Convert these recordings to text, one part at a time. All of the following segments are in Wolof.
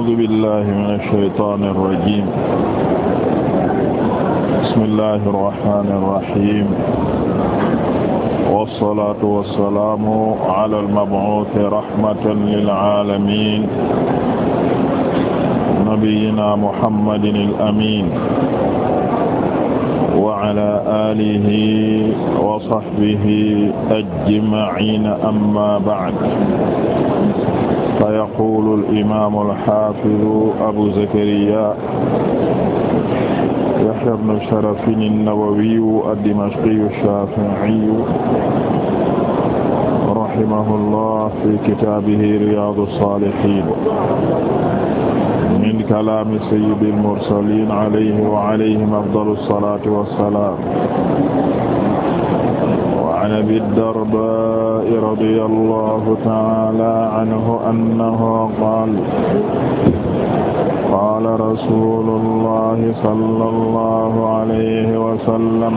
a'uuzu billaahi mina shaytaani rajiim bismillaahi rahmaani rahiim wassalaatu wassalaamu alal mab'uusi rahmatan lil aalamiin nabiyyinaa Muhammadin al-amiin wa alaa aalihi wa sahbihi أجمعين أما بعد فيقول الإمام الحافظ أبو زكريا يحيى بن شرف النووي الدمشقي الشافعي رحمه الله في كتابه رياض الصالحين من كلام سيد المرسلين عليه وعليهم أفضل الصلاة والسلام وعن أبي الدرداء رضي الله تعالى عنه أنه قال qaala rasuulullahi sallallahu alayhi wa sallam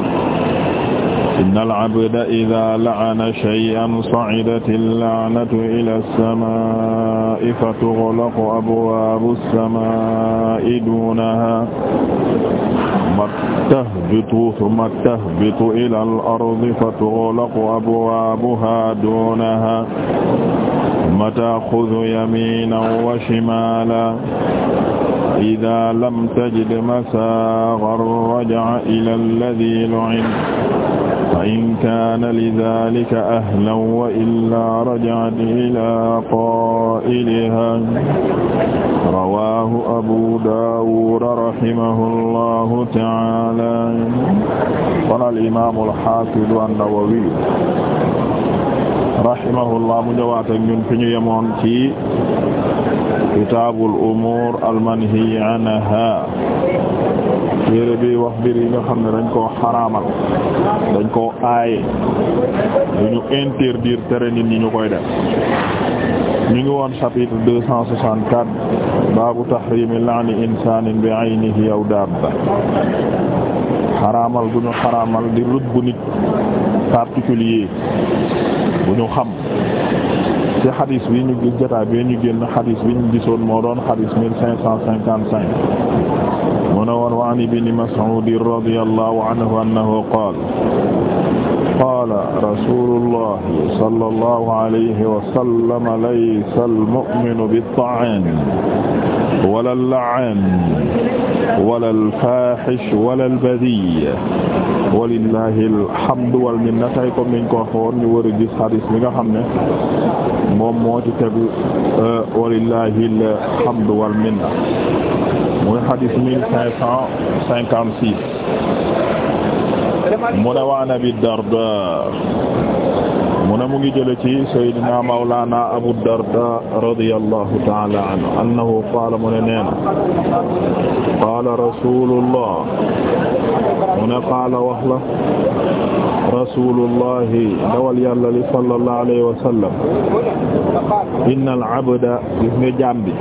innal abda idaa la'ana shay'an sa'idatil la'natu ilaa samaa'i fatughlaqu abwaabu samaa'i duunahaa thumma tahbitu thumma tahbitu ilal ardi fatughlaqu abwaabuhaa duunahaa ثم تأخذ يمينا وشمالا إذا لم تجد مساغا رجع إلى الذي لعن فإن كان لذلك أهلا وإلا رجعت إلى قائلها رواه أبو داود رحمه الله تعالى قال الإمام الحافظ النووي rahimahullah mu ñëwaat ñun fi ñu yemoon ci kitaabul umuur almanhi anha téere bi wax mbir yi nga xam ne dañ ko xaraamal dañ ko aaye du ñu interdire tere nit ñi ñu koy def ñu ngi woon chapitre deux cent soixante quatre baabu tahrimi la'ni insaanin bi aynihi aw daabba xaraamal gu ñu xaraamal di rëbb nit particulier bu ñu xam ci xadis bi ñu jotaay bi ñu génn xadis bi ñu gisoon moo doon xadis mille cinq cent cinquante cinq mu ne woon wa an ibn Mas'ud radiyallahu anhu annahu qaala qaala rasuulullaahi sallallaahu alayhi wa sallam laysa al-mu'minu bi-t-ta'aan wala al-la'aan wala al-faahish wala al-badhii' walillaahi al-hamdu wal-minna tey comme niñ ko waxoon ñu war a gis hadiis bi nga xam ne moom moo ci tegu euh, walillaahi al-hamdu wal-minna muy hadiis 1556 mu ne waan Abi Darda mu ne mu ngi jële ci Seydina Mawlana Abu Darda radiyallahu ta'ala anhu annahu qaala mu ne nee na qaala rasulullah mu ne qaala wax la rasulullahi dawal yàlla li sallallahu alayhi wa sallam innal abda gis nga jaam bi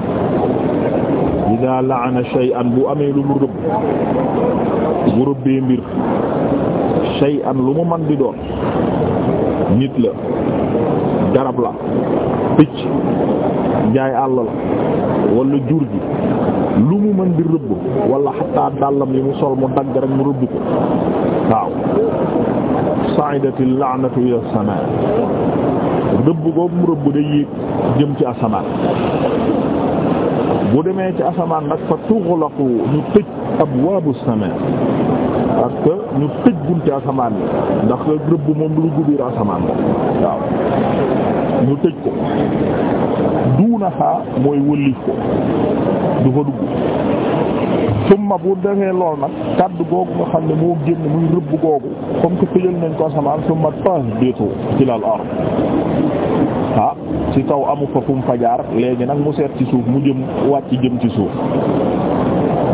idaa la'ana shay'an bu amee lu mu rëbb mu rëbbee mbir shay'an lu mu man di doon nit la garab la picc njaay àll la wala jur gi lu mu mën di rëbb wala xataa dàllam yi mu sol mu dagg rek mu rëbb ko waaw sa'idati la'natu ila samaa rëbb googu mu rëbb day yéeg jëm ci asamaan bu demee ci asamaan nag fa tughlaqu ñu tëj abwaabu samaa parce que ñu tëj bunte asamaan yi ndax rëbb moom lu dugg biir asamaan la waaw ñu tëj ko duuna mooy wëlliif ko du fa dugg summa bu defee lool nag kaddu googu nga xam ne moo génn muy rëbb googu comme que tëjal nañ ko asamaan summa taas biitu ilal ard ah ci kaw amu fa fu mu fajaar léegi nag mu seet ci suuf mu jëm wàcc jëm ci suuf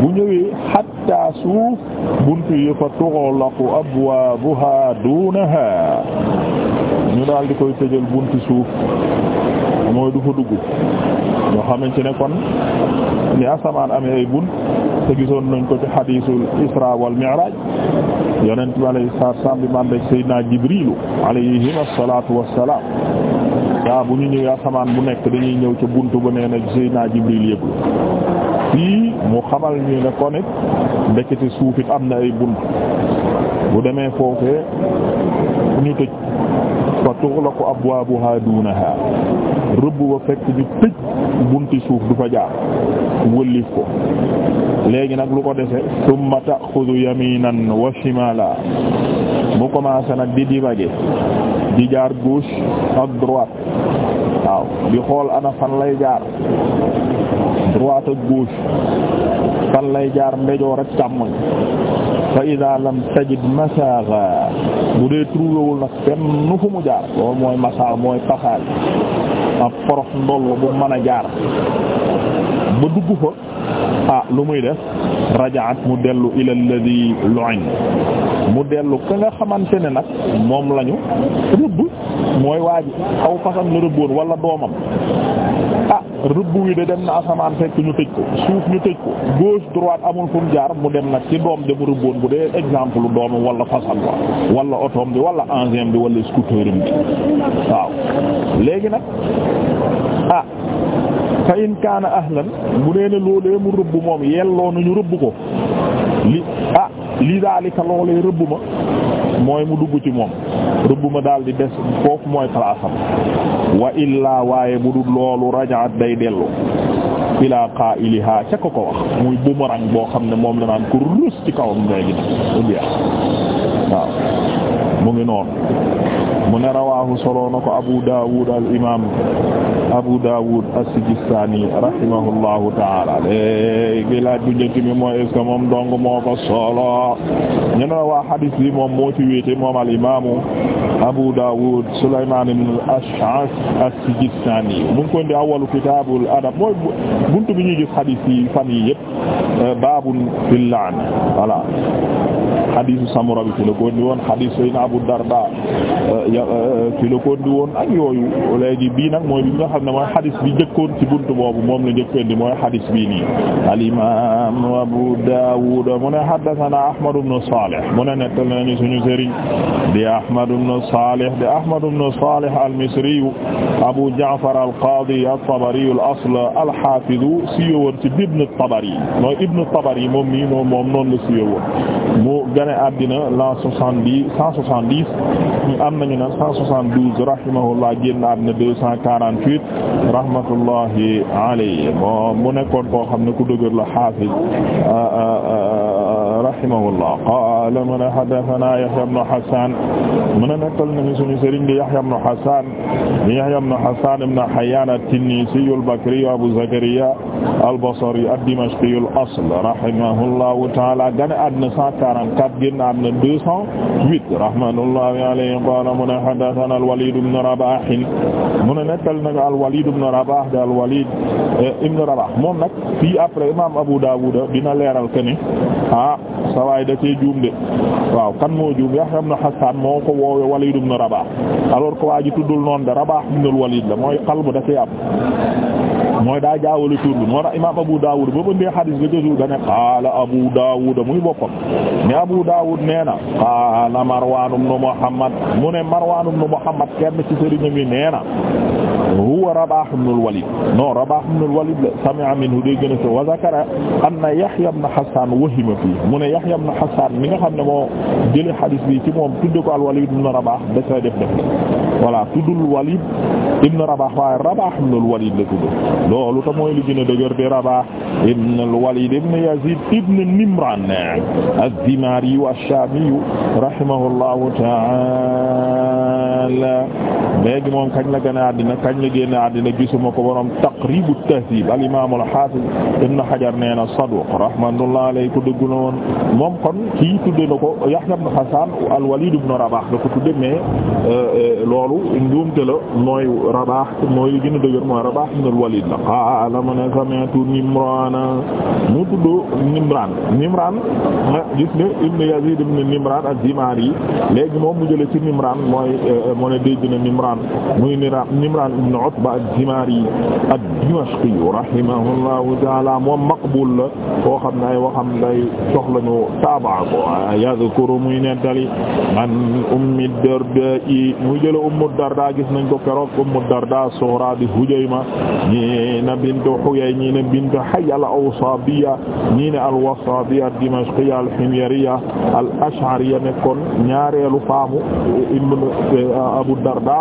bu ñëwee hatta suuf buntu yi fa tughlaqu abwaabuha duunaha ñu daal di koy tëjal buntu suuf mooy du fa dugg ñoo xamante ne kon ni asamaan amee ay bunt te gisoon nañ ko ci hadiisul isra wal mi'raaj yonent bi alayhi salaatu salaam bi man rek Seydina Jibriilu alayhi salaatu wassalaam waaw bu ñu ñëwee asamaan bu nekk dañuy ñëw ca bunt ba nee na Seydina Jibriil yëpp fii mu xamal ñu ne kon it suuf it am na ay bunt bu demee foofee ñu tëj fa tughlaqu abwaabuha duunaha rëbb ba fekk ñu tëj bunti suuf du fa jaar wëllif ko léegi nag lu ko dese thumma ta'khudhu yaminan wa shimala mu commencé nag di divaguer di jaar gauche ak droite waaw di xool ana fan lay jaar droite ak gauche fan lay jaar ndejoor ak càmmoñ fa ida lam tajid masagha bu dee trouvéwul nag fenn fu mu jaar loolu mooy masagha mooy paxaay ak porof ndoll bu mën a jaar ba dugg fa ah lu muy def rajaat mu dellu ila alladhi lu'in mu dellu ka nga xamante ne nag moom lañu rëbb mooy waa ji aw façon la rëbboon wala doomam ah rëbb wi de dem na asamaan fekk ñu tëj ko suuf ñu tëj ko gauche droite amul fu mu jaar mu dem nag ci doom de mu rëbboon bu dee exemple lu doomam wala façon wa wala otoom bi wala engin bi wala scooteram bi waaw léegi nag ah fa in kaana ahlan bu nee ne loolee mu rëbb moom yelloo nañu rëbb ko li ah li daalika loolee rëbb ma mooy mu dugg ci moom rëbb ma daal di des foofu mooy palaasam wa illaa waaye bu dul loolu rajaat day dellu ilaa qaa'ilihaa ca ko ko wax muy bumerang boo xam ne moom la naan ko rus ci kawam ngay gi na waaw mu ngi noonu mu ne rawaahu solo na ko Abu Dawud al imaam Abu Dawud as-Sijistani rahimahullahu ta'ala léegi laaj bu njëkk bi mooy est-ce que moom dong moo ko solo ñu ne waa hadis bi moom moo ci wéete moom al imaamu Abu Dawud Sulaymaan ibn al-Ash'ath as-Sijistani mu ngi ko indi awwalu kitaabul adab mooy buntu bi ñuy gis hadis yi fan yi yëpp baabun fil la'n voilà. hadisu Samura bi fi la ko woon hadisu Abu Darda Euh, ci la ko indi woon ak yooyu léegi bii nag mooy bi nga xam ne mooy xadis bi njëkkoon ci buntu boobu moom la njëkkoon di mooy xadis bii nii al imam Abu Dawud mu ne haddathana Ahmad ibn Salih mu ne nettal nañu suñu sëriñ di Ahmad ibn Salih di Ahmad ibn Salih al Abu Ja'far al tabari al-asl al-hafiz siiwe woon ci ibn Tabari mooy ibn Tabari moom mii moom moom noonu la siiwe woon mu gane àddina l'an soixante 172 rahimahullah génn àddina 248 rahmatullahi alayhi moom mu nekkoon koo xam ne ku dëgër la hafiz euh, euh, euh, rahimahullah qaala mu ne haddasanaa Yahya ibn Hassan mu ne nekkal nañu suñu sëriñ di Yahya ibn Hassan di Yahya ibn Hassan ibn Hayyan at-Tinnisi al-Bakri Abu Zakariya al-Basri ad-Dimashqi al-asl rahimahullahu ta'ala gane àddina 144 génn àddina 208 rahmatullahi alayhi qaala mu ne haddasanaa al-Walid ibn Rabah mu ne nekkal nag al-Walid ibn Rabah da al-Walid ibn Rabah moom nag fii après imam Abu Dawud dina leeral ke ni ah sawaay da cee juum de waaw kan moo juum Yahya ibn Hassan moo ko woowe Walid ibn Rabah alors que waa ji tuddul noonu de Rabah ibn Walid la mooy qalb da ci mooy daa jaawale tur bi moo tax imaam Abu Dawud ba bëndee xadis ba jësu dane qaala Abu Dawud muy boppam ne Abu Dawud nee na qaala Marwan ibn Muhammad mu ne Marwan ibn Muhammad kenn ci sëriñ mi nee huwa Rabaah ibn al-Walid non Rabaah ibn al-Walid la sami'a minhu day gën a fi wa zakara anna Yahya ibn Hassan wahima fii mu ne Yahya ibn Hassan mi nga xam ne moo jëlee hadith bi ci moom tudd ko al-Walid ibn Rabaah dafay def def voilà tuddul Walid ibn Rabaah waaye Rabaah ibn al-Walid la tudd loolu te mooy li gën a dëgër di Rabaah ibn al-Walid ibn Yazid ibn Nimran ad-Dimari ash-Shami rahimahullahu ta'ala léegi moom kañ la gën a àddina kañ la génn àddina gisuma ko borom taqribu tahdib al imam al hafiz ibn hajar nee na saduq rahmatullah alayhi ko dëggu na woon moom kon kii tudde na ko yahya ibn hasan al walid ibn rabah da ko tudde mais euh, loolu njuumte la mooy rabah mooy li gën a dëgër mooy rabah ibn al walid la qaala mu ne sami'tu nimrana mu tuddu nimran nimran ah, gis ne ibn yazid ibn nimran az-zimari léegi moom mu jële ci nimran mooy euh, mu ne dégg na nimran muy nimran ibn ba ad-Dimari ad-Dimashqi rahimahullahu ta'ala moom maqbul la koo xam ne ay waxam day soxla ñu taabaa ko yadhkuru muy nettali an Ummi Darda yi muy jëla Ummu Darda gis nañ ko keroog Ummu Darda sughra di Hujayma ñi na bintu Huyay ñi na bintu Hayy al-Awsabiyya ñi ne al-Wasatiyya ad-Dimashqiyya al-Himyariyya al-Ash'ariyya nekkoon ñaareelu faamu Ibn Abu Darda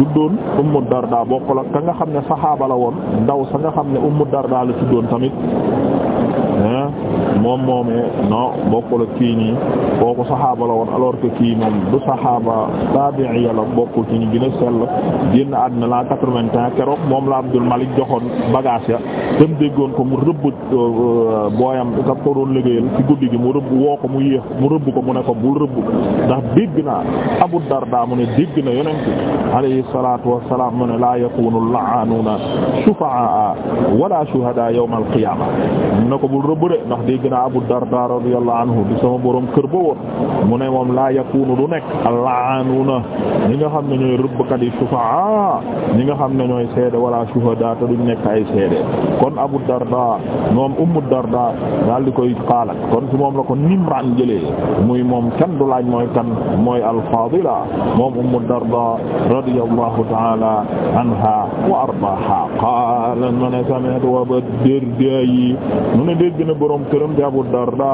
tuddoon Ummu Darda bokk bokkul ka nga xam ne saxaaba la woon ndaw sa nga xam ne Ummu Darda la tuddoon tamit moom moomee no bokkul ak kii nii kooku saxaaba la woon alors que kii moom du saxaaba tabi'i la bokkul ci ñu gën a sell génn àddina la quatre-vingt-un keroog moom la Abdul Malik joxoon bagage ya te déggoon ko mu rëbb euh, booyam ka ko doon liggéeyal ci guddi gi mu rëbb woo ko mu yéex mu rëbb ko mu ne ko bul rëbb ndax dégg naa Abu Darda mu ne dégg na yonent alayhi salaatu wassalaam mu ne laa yakunu la'anuuna shufa'a wala shuhada yawm al rëbb de ndax dégg naa Abu Darda radiyallahu anhu di sama borom kër ba woon ne moom laa yakunu du nekk al-la'anuna ñi nga xam ne ñooy rëbbkat yi shufa'a ñi nga xam ne ñooy seede wala shuhada te duñ nekk ay kon Abu Darda moom Ummu Darda daal di koy xaalat kon ci moom la ko Nimraan jëlee muy moom kenn du laaj mooy kan mooy al moom Ummu Darda radiyallahu ta'ala anha wa ardaaha qaala man sami'tu Abu Darda yi dégg na borom këram di Abu Darda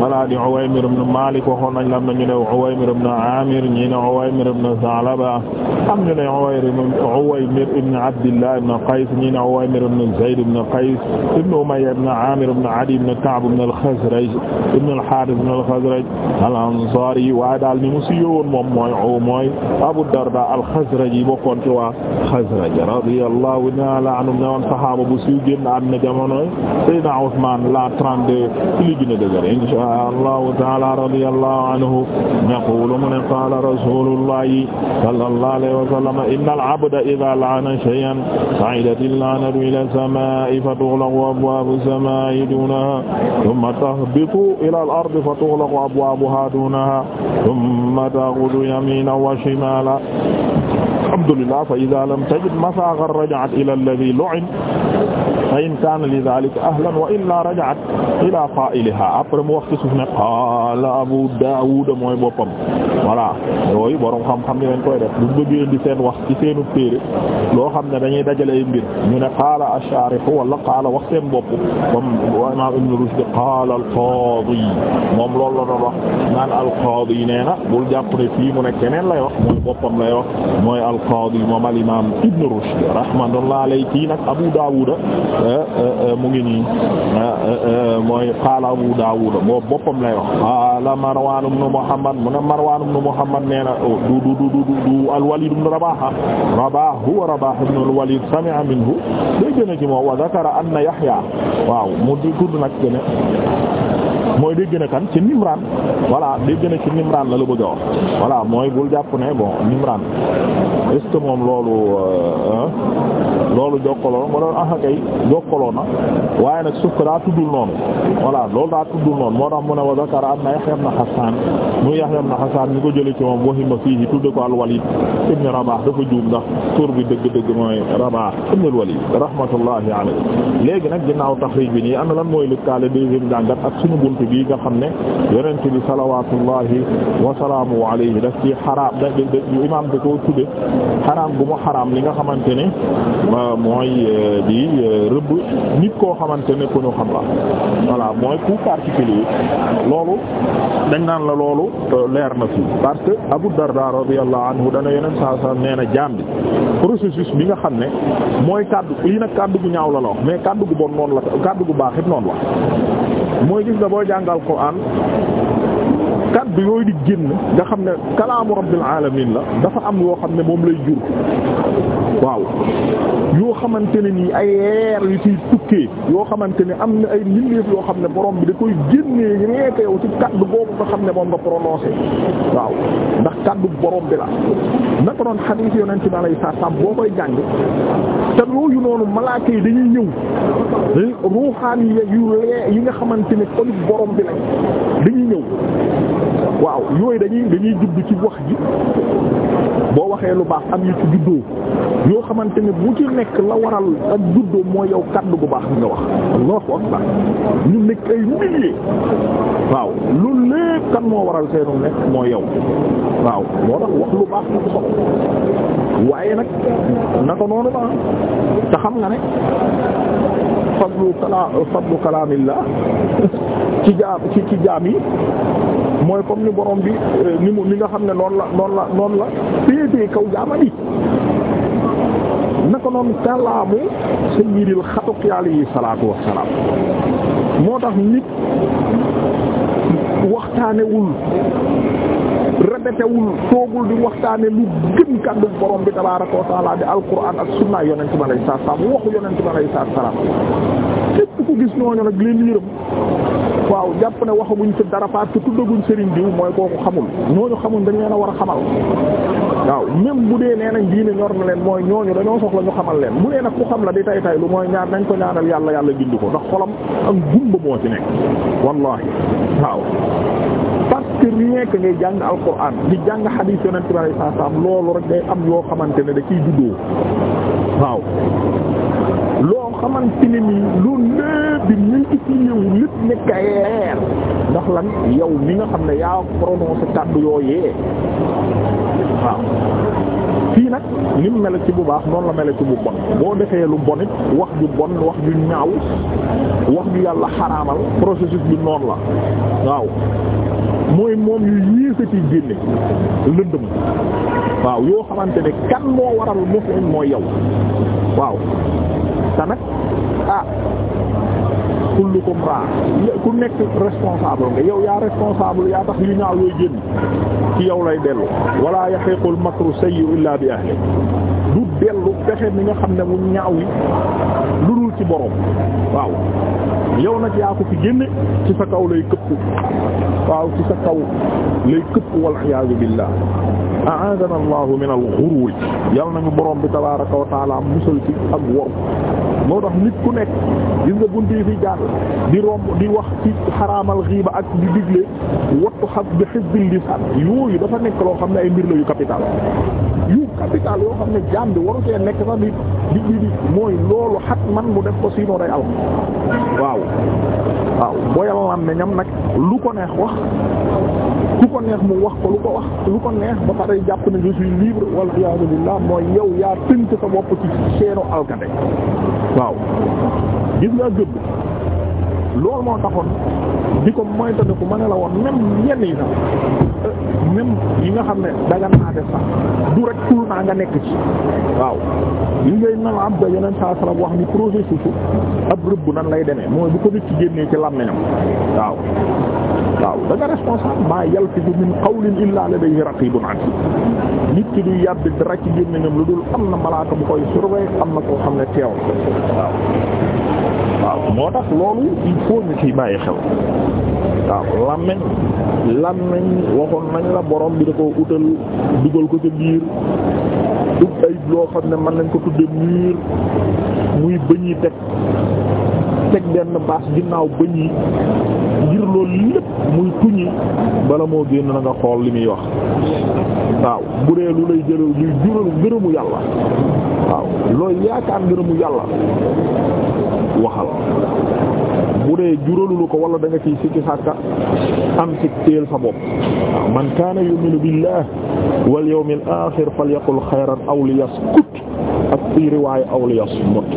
wala di Uwaymir ibn Malik waxoon nañ la am na ñu ne Uwaymir ibn Amir ñi ne Uwaymir ibn Zalaba am ñu ne Uwaymir ibn Abdillah ibn Qays ñi ne Uwaymir ibn Zayd ibn Qays ibn Umayya ibn Amir ibn Adi ibn Ka'b ibn al-Khazraj ibn al-Harith ibn al-Khazraj al-Ansari waaye daal ni mu siiwoon moom mooy mooy Abu Darda al-Khazraji bokkoon ci waa Khazraj radiyallahu ta'ala anhu ne woon saxaaba bu siiw génn am na jamono Sayyidina Usman l'an 32 ci li gën a dëgër inshaa allahu taala radiyallahu anhu yaqulu mu ne qaala rasulullahi sallallahu alayhi wa sallam inna al-abda idha la'ana shay'an sa'idat al-la'natu ila as-samaa'i fatughlaqu abwaabu as-samaa'i duunaha thumma tahbitu ila al-ardi fatughlaqu abwaabuha duunaha thumma taghdu yaminan wa shimalan alhamdulillah fa idha lam tajid masaaghan raja'at ila alladhi lu'ina fa in kaana li daalika ahlan wa illaa rajaat ilaa qaa'ilihaa après mu wax ci suuf ne qaala Abu Daawuud mooy boppam voilà yooyu borom xam-xam ni dañ koy def buñ bëggee di seen wax ci seenu téere loo xam ne dañuy dajale ay mbir ñu ne qaala ash-shaarih wala qaala wax seen bopp comme imaam Ibn Rushd qaala al-qaadi moom loolu la doon wax naan al-qaadi nee na bul jàpp ne fii mu ne keneen lay wax mooy boppam lay wax mooy al-qaadi moom al-imaam Ibn Rushd rahmatullahi alayhi nag Abu Daawuud Euh, euh, euh, mu ngi nii mooy qaala Abu Daawud boppam lay wax qaala Marwaan ibn Muhammad mu ne Marwaan ibn Muhammad nee na oh, du du du du du al-Waliid ibn Rabaah huwa Rabaah ibn al-Waliid minhu dégg na ci moom wa di tudd nag gene mooy dégg na kan ci Nimraan la la bëgg a wax mooy bul jàpp ne bon Nimraan est moom loolu loolu jokkaloo ma doon ah kay yokkaloo na waaye nag suuf daa tuddul noonu voilà loolu daa tuddul noonu moo tax mu ne wa zakara am na Yahya ibn Hasan mu Yahya ibn Hasan ñu ko jëlee ci moom wahima fiihi tudde ko al-Walid ibn Rabah dafa juum ndax tur bi dëgg-dëgg mooy Rabah ibn al-Walid rahmatullahi alayhi léegi nag ginnaaw taxriij bi nii ana lan mooy lëkkaale deuxième jàngat ak suñu bunt bi nga xam ne yonent bi salawatullahi wa salaamu alayhi def ci xaraam da imam da ko tudde xaraam bu mu xaraam li nga xamante ne euh, mooy euh, di euh, nit koo xamante ne ku ñu xam la voilà mooy ku particulier loolu dañ naan la loolu euh, leer na fii parce que Abu Darda radiyallahu anhu dana yeneen saa saa nee na jaam bi processus bi nga xam ne mooy kàddu lii nag kàddu gu ñaaw la la wax mais kàddu gu bon noonu la kàddu gu baax it noonu wax mooy gis nga boo jàngal Qur'an kaddu yooyu di génn nga xam ne kalaamu rabbil alamin la dafa am yoo xam ne moom lay jur waaw yoo xamante ne nii ay yeer yu ciy tukkee yoo xamante ne am na ay mbindeef yoo xam ne borom bi da koy génnee reete yow ci kaddu boobu nga xam ne moom nga prononcé waaw ndax kaddu borom bi la naka doon xadiis yonent bi alayhi salaam boo koy jàng te yu noonu malaaka yi dañuy ñëw eh, ruuxaan yi yu lee yi nga xamante ne kon borom bi lañ dañuy ñëw waaw yooyu dañuy dañuy judd ci wax ji boo waxee lu baax am yu ci juddoo yoo xamante ne bu ci nekk la waral ak juddoo mooy yow kaddu bu baax bi nga wax allahu akbar ñu nekk ay milliers waaw loolu lépp kan moo waral seenu nekk mooy yow waaw moo tax wax lu baax na ko solo waaye nag naka noonu la te xam nga ne fadlu kalaam fadlu kalaamillah ci jaam ci ci jaam yi mooy comme ni borom bi euh, ni mu ni nga xam ne noonu la noonu la noonu la féetee kaw jaamam yi naka noonu kalaamu sayyidil xatuk alayhi salaatu wassalaam moo tax nit waxtaanewul répétéwul toogul di waxtaane lu gën kàddu borom bi tabaaraka wa taala di alquran ak sunna yonent bi alayhi salaam waxu yonent bi alayhi salaam képp ku gis ñooñu leen yërëm waaw jàpp ne waxaguñ ci dara parce que tuddaguñ Serigne diw mooy ko xamul ñooñu xamul dañ leen a war a xamal waaw même bu dee nee nañ diine ñor na leen mooy ñooñu dañoo soxla ñu xamal leen bu dee nag ku xam la di tay tay lu mooy ñaar nañ ko ñaanal yàlla yàlla gindi ko ndax xolam ak gumba moo ci nekk wallahi waaw parce que rien que ngay jàng alquran di jàng hadith yonent bi sallallahu alayhi wasallam loolu rek day am yoo xamante ne da kiy juddoo waaw loo xamante di multiplier wu lépp nekk ay ndax lan yow mi nga xam ne yaa prononcé kàddu yooyee waaw fii nag ni mu mel ci bu baax noonu la mel ci bu bon boo defee lu bon wax ju bon wax ju ñaaw wax ju yàlla xaraamal processus bi noonu la waaw mooy moom yu yéesa ci génne lëndëm waaw yoo xamante ne kan moo waral mu mooy yow waaw te nag ah kullukum raa ku nekk responsable nga yow yaa responsable yaa tax yu ñaaw yooy génn ci yow lay dellu wala yahiqul makru sayyi illa bi ahli du dellu pexe mi nga xam ne mu ñaaw yi lu dul ci borom waaw yow nag yaa ko ci génne ci sa kaw lay këpp waaw ci sa kaw lay këpp wal iyaazu billah a'aadana allahu min al ghurur yal nañu boroom bi tabaaraka wa taala musal ci ak wor moo tax nit ku nekk gis nga bunt yi fi jaar di romb di wax ci xaraamal xiiba ak di digle wattu xam bi xisbil lisaan yooyu dafa nekk loo xam ne ay mbir la yu capital yu capital yoo xam ne xam ne waru cee nekk sax di di di mooy loolu xat man mu def ko sinon day aw waaw waaw booyal lam ne ñam nag lu ko neex wax ku ko neex mu wax ko lu ko wax lu ko neex ba pare jàpp ne je suis libre wal iyaazu billaah mooy yow yaa tënk sa bopp ci seenu alkande waaw gis nga gëbb loolu moo taxoon di ko moytandiku ma ne la woon même yenn yi sax euh, yi nga xam ne dagan naa def sax du rek tuul naa nga nekk ci waaw yi ngay nal abda yeneen saa sallam wax ni processus ab rëbb nan lay demee mooy bu ko nit ci génnee ci làmmiñam waaw waaw da nga responsable maa yalfidu min qawlin illaa ladayhi raqibun atid nit ki du yàbbi dara ci gémmiñam lu dul am na malaaka bu koy surveiller am na koo xam ne teew waaw waaw moo tax loolu il faut ñu ciy bàyyi xel waaw làmmeñ làmmeñ waxoon nañ la borom bi da ko utal dugal ko ca biir dug ay loo xam ne mën nañ ko tudde mur muy bëñ yi teg teg benn baas ginnaaw bëñ yi ngir loolu lépp muy tuñi bala moo génn na nga xool li muy wax waaw bu dee lu lay jëlal luy jural ngërëmu yàlla waaw looy yaakaar ngërëmu yàlla waxal bu dee juralulu ko wala danga nga ciy sikki sàkka am ci teel sa bopp waaw man kaani yu'minu billah wal yawmil aaxir falyaqul xayran aw liyaskut ak fii riwaaya aw liyasmut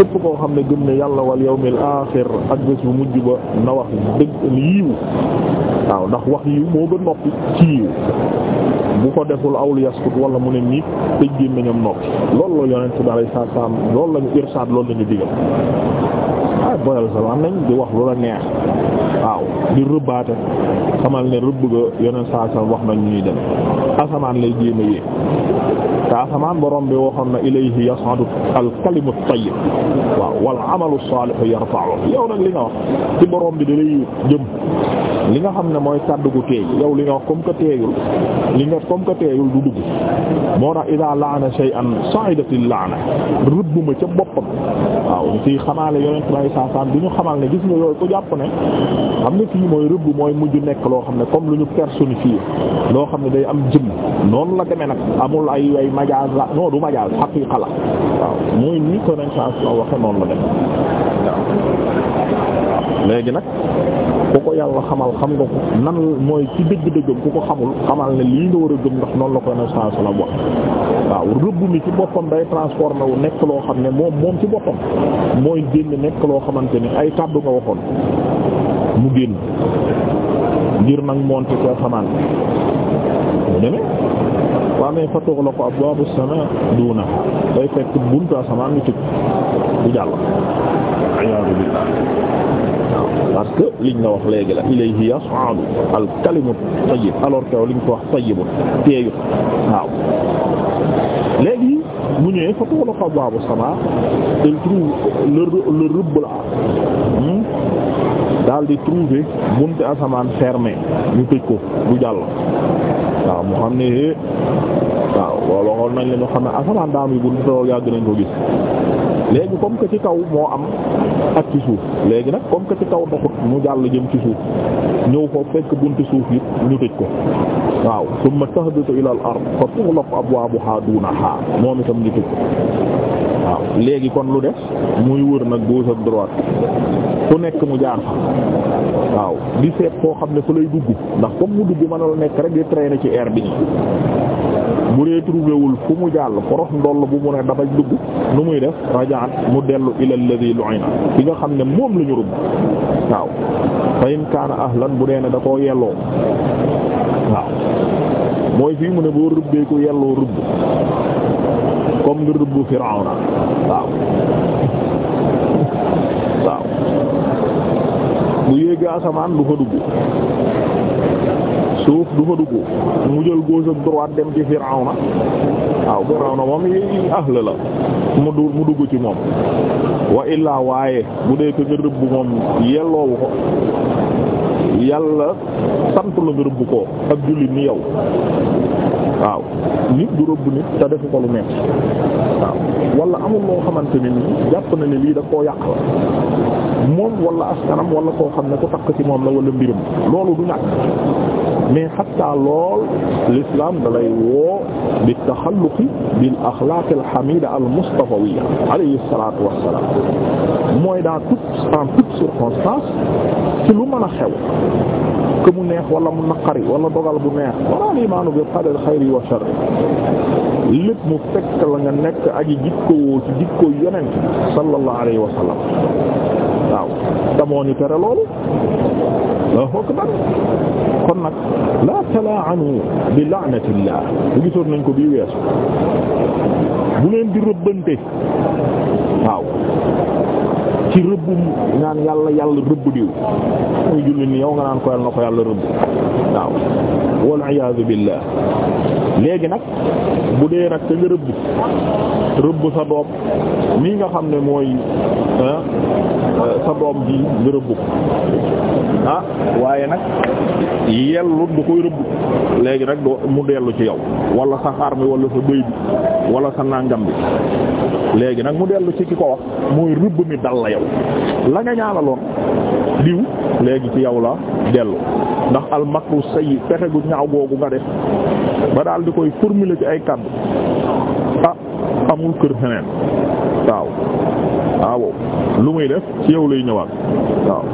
képp koo xam ne gëm ne yàlla wal yawmil aaxir ak bés bu mujj ba na wax dëgg yiw waaw ndax wax yiw moo gën noppi ci yiw bu ko deful awul yaskut wala mu ne nii tëj gémmiñam noppi loolu la yonent bi alayhi salaam loolu lañu irsaad loolu lañu digal ah boyal sa wax lu la neex waaw di rëbbaate xamal ne rëbb ga wax nañ ñuy dem asamaan lay jéem a yéeg te asamaan borom bi waxoon na ilayhi yas'adu al-kalimu at waaw wal amalu as-salihu yarfa'u yow nag li nga wax ci borom bi da jëm li nga xam ne mooy kàddu gu teey yow li nga wax comme que teeyul li nga comme que teeyul du dugg moo tax ida laana shay'an sa'idatil laana rëbbuma ca boppam waaw ci xamaale yonent bi sallallahu alayhi bi ñu xamal ne gis nga yooyu ko jàpp ne xam ne fii mooy rëbb mooy mujj nekk loo xam ne comme lu ñu personnifié loo xam ne day am jëm noonu la demee nag amul ay ay majaas la non du majaas xaqiiqa la waaw mooy ni ko nañ saa waxe noonu la dem waaw léegi nag ku ko yàlla xamal xam nga ko nan mooy ci dëgg-dëggam ku ko xamul xamal ne lii nga war a gëm ndax noonu la koy na saa su la wax waaw rëbb mi ci wu nekk loo xam ne moom moom ci mooy génn nekk loo xamante ni ay kàddu nga waxoon mu nag monte ko xamaan demee waa mais fa toog la day fekk buntu asamaan ñu tëj bu jàll billah parce que liñ la wax léegi la ilayhi yas'adu al kalimu tayyib alors que liñ ko wax tayyibu teeyut waaw léegi bu ñëwee fa toolu xaw baabu sama elle trouve le le rëbb la hmm, daal di trouver bunte asamaan fermé ñu tëj ko du jàll waaw mu xam ne eh, waaw loolu xool nañ la ñu xam ne asamaan daam yu gudd loolu yàgg nañ ko gis léegi comme que ci kaw moo am ak ci suuf léegi nag comme que ci kaw doxut mu jàll jëm ci suuf ñëw foofu fekk buntu suuf yi ñu tëj ko waaw summa tahbitu ila al ard fa tughlaq abwabuha dunaha moom itam ñu tëj ko waaw léegi kon lu des muy wër nag gauche ak droite ku nekk mu jaar fa waaw di seet foo xam ne fa lay dugg ndax comme mu dugg mën a la nekk rek di traîner ci air bi bu dee trouvé wul fu mu jàll forof ndoll bu mu ne dafa dugg nu muy def rajaat mu dellu ila alladhi lu'ina ki nga xam ne moom la ñu rëbb waaw fa in kaana ahlan bu dee ne da koo yelloo waaw mooy fii mu ne boo rëbbee ko yelloo rëbb comme nga rëbb Firawna waaw waaw bu yéegee asamaan lu ko dugg suuf du fa dugg mu jël gauche ak droite dem ci Firawna waaw Firawna moom yi ahla la mu du mu dugg ci moom wa illaa waaye bu dee ko nga rëbb moom yelloowu ko yàlla sant la nga rëbb ko ak jullit ni yow waaw nit du rëbb nit te defu ko lu metti waaw wala amul loo xamante ne nii jàpp na ne lii da koo yàq la moom wala askanam wala koo xam ne ku takk ci moom la wala mbiram loolu du ñàkk mais xatta lool l'islam da lay woo bi taxalluqi bil axlaaq al xamida al mustafawiyya alayhi salaatu mooy dans toute en toute circonstance ci lu mën a xew que mu neex wala mu naqari wala dogal bu neex wala limaanu bi qadar xayri wa sharri lépp mu fekk la nga nekk aji jikkowoo ci jikko yonent sallallahu alayhi wa sallam waaw damoo ñu tere loolu Allahu akbar kon nag la talaa'anu bi la'natillah bu gisoon nañ ko bii weesu bu leen di rëbbante waaw ci rëbbum naan yàlla yàlla rëbb diw muy julli ni yow nga naan ko yàlla na ko yàlla rëbb waaw wal iyaadu billaah léegi nag bu dee nag te nga rëbb rëbb sa doom mii nga xam ne mooy ah, sa doom ji nga rëbb ko ah, waaye nag yellut du koy rëbb léegi nag doo mu dellu ci yow wala sa xar mi wala sa bëy bi wala sa nàngam bi léegi nag mu dellu ci ki ko wax mooy rëbb mi dal la yow yow la nga ñaanaloon diw léegi ci yow la dellu ndax al makru sayyi pexe gu ñaaw googu nga def ba daal di koy formuler ci ay kàddu ah amul kër xeneen waaw waaw lu muy def ci yow lay ñëwaat waaw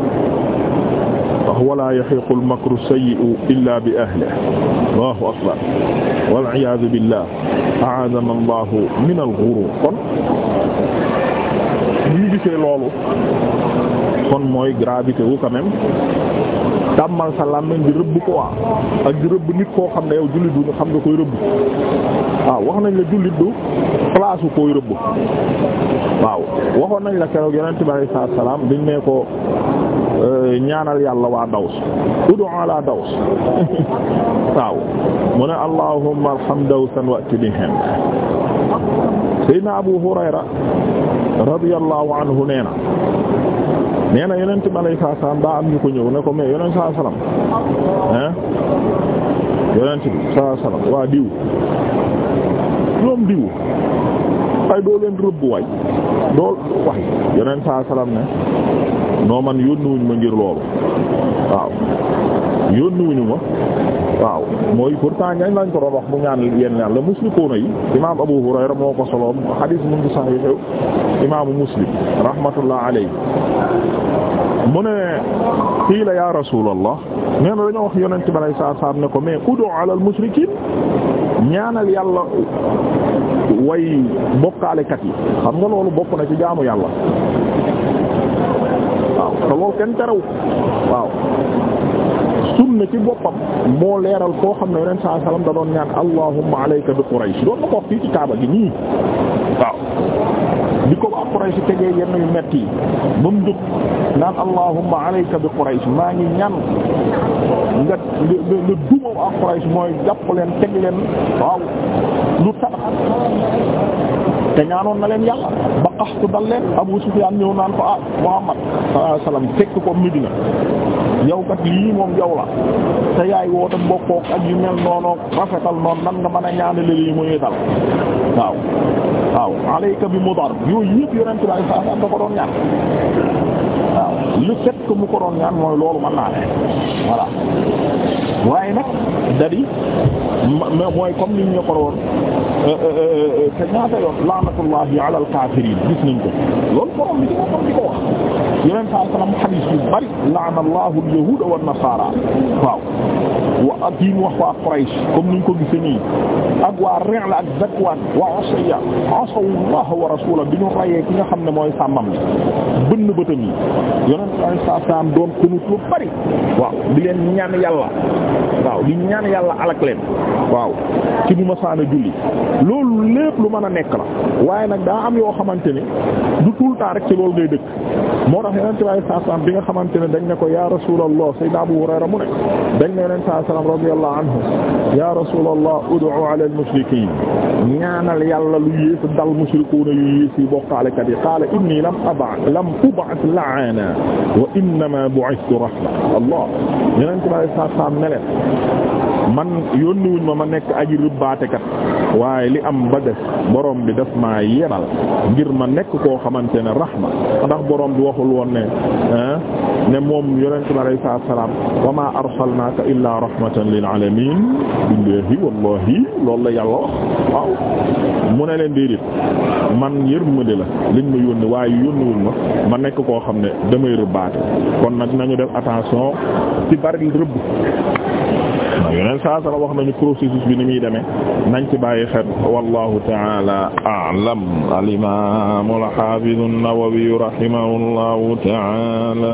ndax wala yahiqu al makru sayyi'u illa bi ahlihi allahu akbar wal iyaadu billah a'aadana allahu min al ghurur kon li ñu gisee loolu kon mooy gravité wu quand même tàmmal sa làmmiñ di rëbb ko waa ak di rëbb nit koo xam ne yow jullit du xam nga koy rëbb waaw wax nañ la jullit du place koy rëbb waaw waxoon nañ la keroog yonent bi alayhi salaam biñ ne ko mooy ñaanal yàlla waa daws udu ala daws waaw mu ne allahumma arham dawsan wa'ti bihim sayyidina abu hurayra radiyallahu anhu nee na nee na yonent bi alayhi daa am ñu ko ñëw ne ko mais yonent saa salaam ah yonent bi saa salaam waa diw ñoom diw ay doo leen rëbb waay doo waay yonent saa salaam ne noo man yónnuwuñu ma ngir loolu waaw yónnuwuñu ma waaw mooy pourtant ñañ lañ ko doon wax mu ñaan yenn yàlla muslimuna yi imaam Abu Hurayra moo ko solo xadiis mu ngi saxiix imaamu Muslim rahmatullah alayhi mu ne qiila ya rasuulallah nee dañoo wax yonent bi alayhi salaatu salaam ne ko mais ud'u alal mushrikiin ñaanal yàlla way bokkaalekat yi xam nga loolu bokk na ci jaamu yàlla te loolu kenn terew waaw sunna ci boppam moo leeral koo xam ne yeneen saa salaam da doon ñaan allahumma alayka bi Quraysh doon na ko fii ci Kaaba gi nii waaw di ko yu metti yi ba mu Quraysh maa ngi ñaan nga nga nga duma waa Quraysh mooy jàpp leen teg leen waaw lu tax te ñaanoon na leen yàlla ba qaxtu dal leen Abu Sufyaan ñëw naan ko ah Muhammad sallallahu alayhi wasallam fekk ko Medina yow moom yow la te yaay woote bokkoo ak yu mel noonu rafetal noonu nan nga mën a ñaanale lii mu ñuy dal waaw waaw alayka bi Mudar yooyu yëpp yonent bi sallallahu alayhi wasallam da ko doon ñaan waaw lu fekk ko mu ko doon ñaan mooy loolu mën naa waaye nag da mooy comme ni ñu ko doon Euh, euh, euh, te ñaata yoon laanatullahi ala al kaafiriin gis nañ ko loolu borom bi dina ko di ko wax. yeneen saa salaam xadiis yu bari laana allahu alyahuuda wa nasaara waaw wa ak yi wax waa Quraysh comme ni ñu ko gisee nii ak waa Ri'l ak Zakwaan waa Usayya asaw allah wa rasuula bi ñu rayee ki nga xam ne mooy sàmmam ni bënn bëtam yi yeneen saa salaam doon kunut lu bari waaw di leen ñan yàlla waaw di ñaan yàlla alak leen waaw ci bu ma saana julli loolu lépp lu mën a nekk la waaye nag daa am yoo xamante ne du tout le temps rek ci loolu ngay dëkk moo tax yeneen tubaab yi saa salaam bi nga xamante ne dañ ne ko yaa rasulallah sayyidina Abu Hurayra mu ne dañ ne yeneen saa salaam radiyallahu anhu yaa rasulallah ud'u ala al-mushrikiin ñaanal yàlla lu yées dal mushrikuuna yu yées yi bokkaalekat yi qaala inni lam ab'ath lam ub'ath la'aana wa innamaa bu'ithtu rahma allah yeneen tubaab yi saa salaam ne leen man yónniwuñ ma ma nekk aji rëbbaatekat waaye li am ba des borom bi daf maa yebal ngir ma nekk koo xamante ne rahma ndax borom bi waxul woon ne ne moom yonente bi alayhi salaatu wa salaam wa maa arsalnaaka illaa rahmatan lil aalamiin billaahi loolu la yàlla wax waaw mu ne leen déedéet man yërmande la liñ ma yónni waaye yónniwuñ ma ma nekk koo xam ne damay rëbbaate kon nag nañu def attention ci bari rëbb yeneen saa sala wax nañu processus bi ni muy demee nañ ci bàyyi xel wallahu taala a'lam al imam al hafiz an-Nawawi rahimahullahu taala